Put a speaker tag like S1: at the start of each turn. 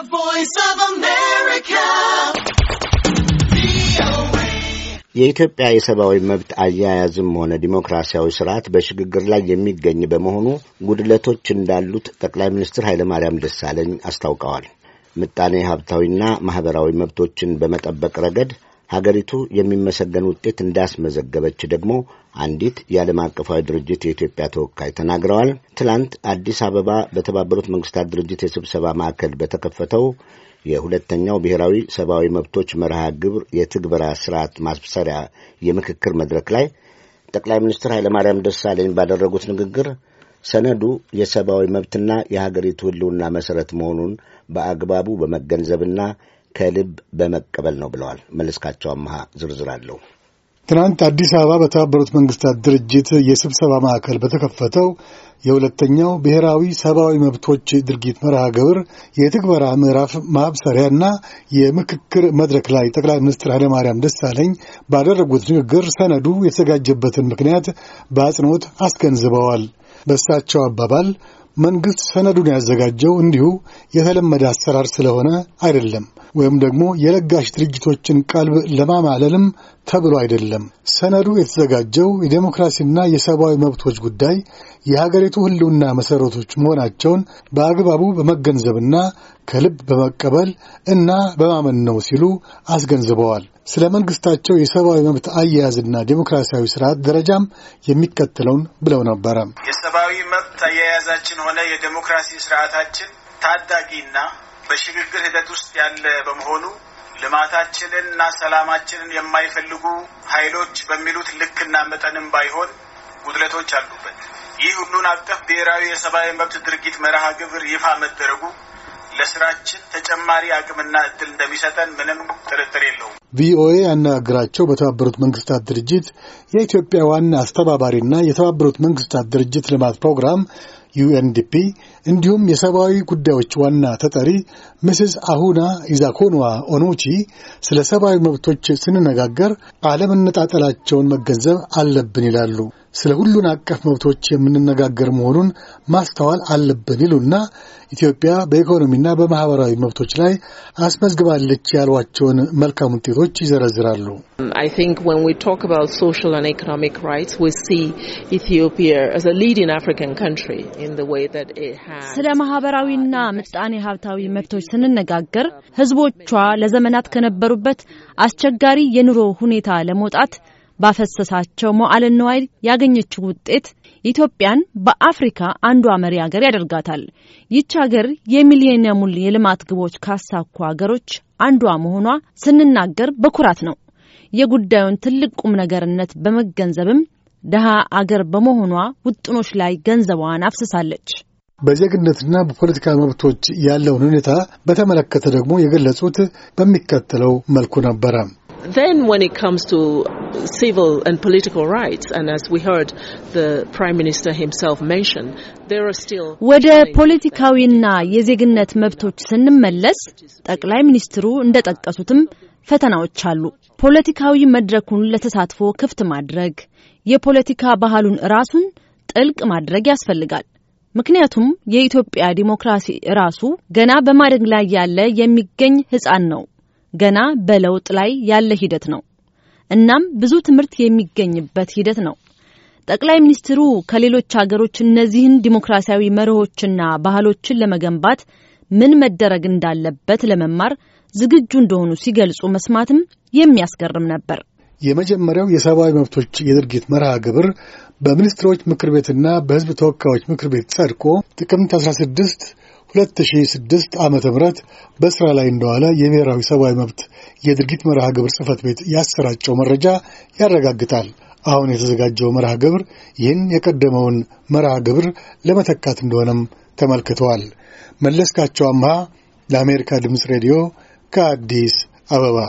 S1: The Voice of America.
S2: የኢትዮጵያ የሰብአዊ መብት አያያዝም ሆነ ዲሞክራሲያዊ ስርዓት በሽግግር ላይ የሚገኝ በመሆኑ ጉድለቶች እንዳሉት ጠቅላይ ሚኒስትር ኃይለማርያም ደሳለኝ አስታውቀዋል። ምጣኔ ሀብታዊና ማህበራዊ መብቶችን በመጠበቅ ረገድ ሀገሪቱ የሚመሰገን ውጤት እንዳስመዘገበች ደግሞ አንዲት የዓለም አቀፋዊ ድርጅት የኢትዮጵያ ተወካይ ተናግረዋል። ትላንት አዲስ አበባ በተባበሩት መንግስታት ድርጅት የስብሰባ ማዕከል በተከፈተው የሁለተኛው ብሔራዊ ሰብአዊ መብቶች መርሃ ግብር የትግበራ ስርዓት ማብሰሪያ የምክክር መድረክ ላይ ጠቅላይ ሚኒስትር ኃይለማርያም ደሳለኝ ባደረጉት ንግግር ሰነዱ የሰብአዊ መብትና የሀገሪቱ ህልውና መሠረት መሆኑን በአግባቡ በመገንዘብና ከልብ በመቀበል ነው ብለዋል። መለስካቸው አመሃ ዝርዝር አለው።
S3: ትናንት አዲስ አበባ በተባበሩት መንግስታት ድርጅት የስብሰባ ማዕከል በተከፈተው የሁለተኛው ብሔራዊ ሰብአዊ መብቶች ድርጊት መርሃ ግብር የትግበራ ምዕራፍ ማብሰሪያና የምክክር መድረክ ላይ ጠቅላይ ሚኒስትር ኃይለማርያም ደሳለኝ ባደረጉት ንግግር ሰነዱ የተዘጋጀበትን ምክንያት በአጽንኦት አስገንዝበዋል። በእሳቸው አባባል መንግሥት ሰነዱን ያዘጋጀው እንዲሁ የተለመደ አሰራር ስለሆነ አይደለም ወይም ደግሞ የለጋሽ ድርጅቶችን ቀልብ ለማማለልም ተብሎ አይደለም። ሰነዱ የተዘጋጀው የዴሞክራሲና የሰብአዊ መብቶች ጉዳይ የሀገሪቱ ሕልውና መሠረቶች መሆናቸውን በአግባቡ በመገንዘብና ከልብ በመቀበል እና በማመን ነው ሲሉ አስገንዝበዋል። ስለ መንግሥታቸው የሰብአዊ መብት አያያዝና ዴሞክራሲያዊ ስርዓት ደረጃም የሚከተለውን ብለው ነበረ። የሰብአዊ መብት አያያዛችን ሆነ የዴሞክራሲ ስርዓታችን ታዳጊና በሽግግር ሂደት ውስጥ ያለ በመሆኑ ልማታችንንና ሰላማችንን የማይፈልጉ ኃይሎች በሚሉት ልክና መጠንም ባይሆን ጉድለቶች አሉበት። ይህ ሁሉን አቀፍ ብሔራዊ የሰብአዊ መብት ድርጊት መርሃ ግብር ይፋ መደረጉ ለስራችን ተጨማሪ አቅምና እድል እንደሚሰጠን ምንም ጥርጥር የለውም። ቪኦኤ ያነጋግራቸው በተባበሩት መንግስታት ድርጅት የኢትዮጵያ ዋና አስተባባሪና የተባበሩት መንግስታት ድርጅት ልማት ፕሮግራም ዩኤንዲፒ እንዲሁም የሰብአዊ ጉዳዮች ዋና ተጠሪ ምስስ አሁና ኢዛኮንዋ ኦኖቺ ስለ ሰብአዊ መብቶች ስንነጋገር አለመነጣጠላቸውን መገንዘብ አለብን ይላሉ። ስለ ሁሉን አቀፍ መብቶች የምንነጋገር መሆኑን ማስተዋል አለብን ይሉና ኢትዮጵያ በኢኮኖሚና በማህበራዊ መብቶች ላይ አስመዝግባለች ያሏቸውን መልካም ውጤቶች ይዘረዝራሉ።
S1: ስለ ማህበራዊና ምጣኔ ሀብታዊ መብቶች ስንነጋገር ህዝቦቿ ለዘመናት ከነበሩበት አስቸጋሪ የኑሮ ሁኔታ ለመውጣት ባፈሰሳቸው መዋዕለ ንዋይ ያገኘችው ውጤት ኢትዮጵያን በአፍሪካ አንዷ መሪ ሀገር ያደርጋታል። ይች ሀገር የሚሊኒየሙን የልማት ግቦች ካሳኩ ሀገሮች አንዷ መሆኗ ስንናገር በኩራት ነው። የጉዳዩን ትልቅ ቁም ነገርነት በመገንዘብም ድሀ አገር በመሆኗ ውጥኖች ላይ ገንዘቧን አፍስሳለች።
S3: በዜግነትና በፖለቲካ መብቶች ያለውን ሁኔታ በተመለከተ ደግሞ የገለጹት በሚከተለው መልኩ ነበረ።
S1: Then, when it comes to civil and political rights, and as we heard the Prime Minister himself mention, there are still. ወደ ፖለቲካዊና የዜግነት መብቶች ስንመለስ ጠቅላይ ሚኒስትሩ እንደጠቀሱትም ፈተናዎች አሉ። ፖለቲካዊ መድረኩን ለተሳትፎ ክፍት ማድረግ፣ የፖለቲካ ባህሉን ራሱን ጥልቅ ማድረግ ያስፈልጋል። ምክንያቱም የኢትዮጵያ ዲሞክራሲ ራሱ ገና በማደግ ላይ ያለ የሚገኝ ህፃን ነው። ገና በለውጥ ላይ ያለ ሂደት ነው። እናም ብዙ ትምህርት የሚገኝበት ሂደት ነው። ጠቅላይ ሚኒስትሩ ከሌሎች ሀገሮች እነዚህን ዲሞክራሲያዊ መርሆችና ባህሎችን ለመገንባት ምን መደረግ እንዳለበት ለመማር ዝግጁ እንደሆኑ ሲገልጹ መስማትም የሚያስገርም ነበር።
S3: የመጀመሪያው የሰብአዊ መብቶች የድርጊት መርሃ ግብር በሚኒስትሮች ምክር ቤትና በሕዝብ ተወካዮች ምክር ቤት ጸድቆ ጥቅምት 16 2006 ዓ ም በሥራ ላይ እንደዋለ የብሔራዊ ሰብአዊ መብት የድርጊት መርሃ ግብር ጽህፈት ቤት ያሰራጨው መረጃ ያረጋግጣል። አሁን የተዘጋጀው መርሃ ግብር ይህን የቀደመውን መርሃ ግብር ለመተካት እንደሆነም ተመልክተዋል። መለስካቸው አምሃ ለአሜሪካ ድምፅ ሬዲዮ ከአዲስ አበባ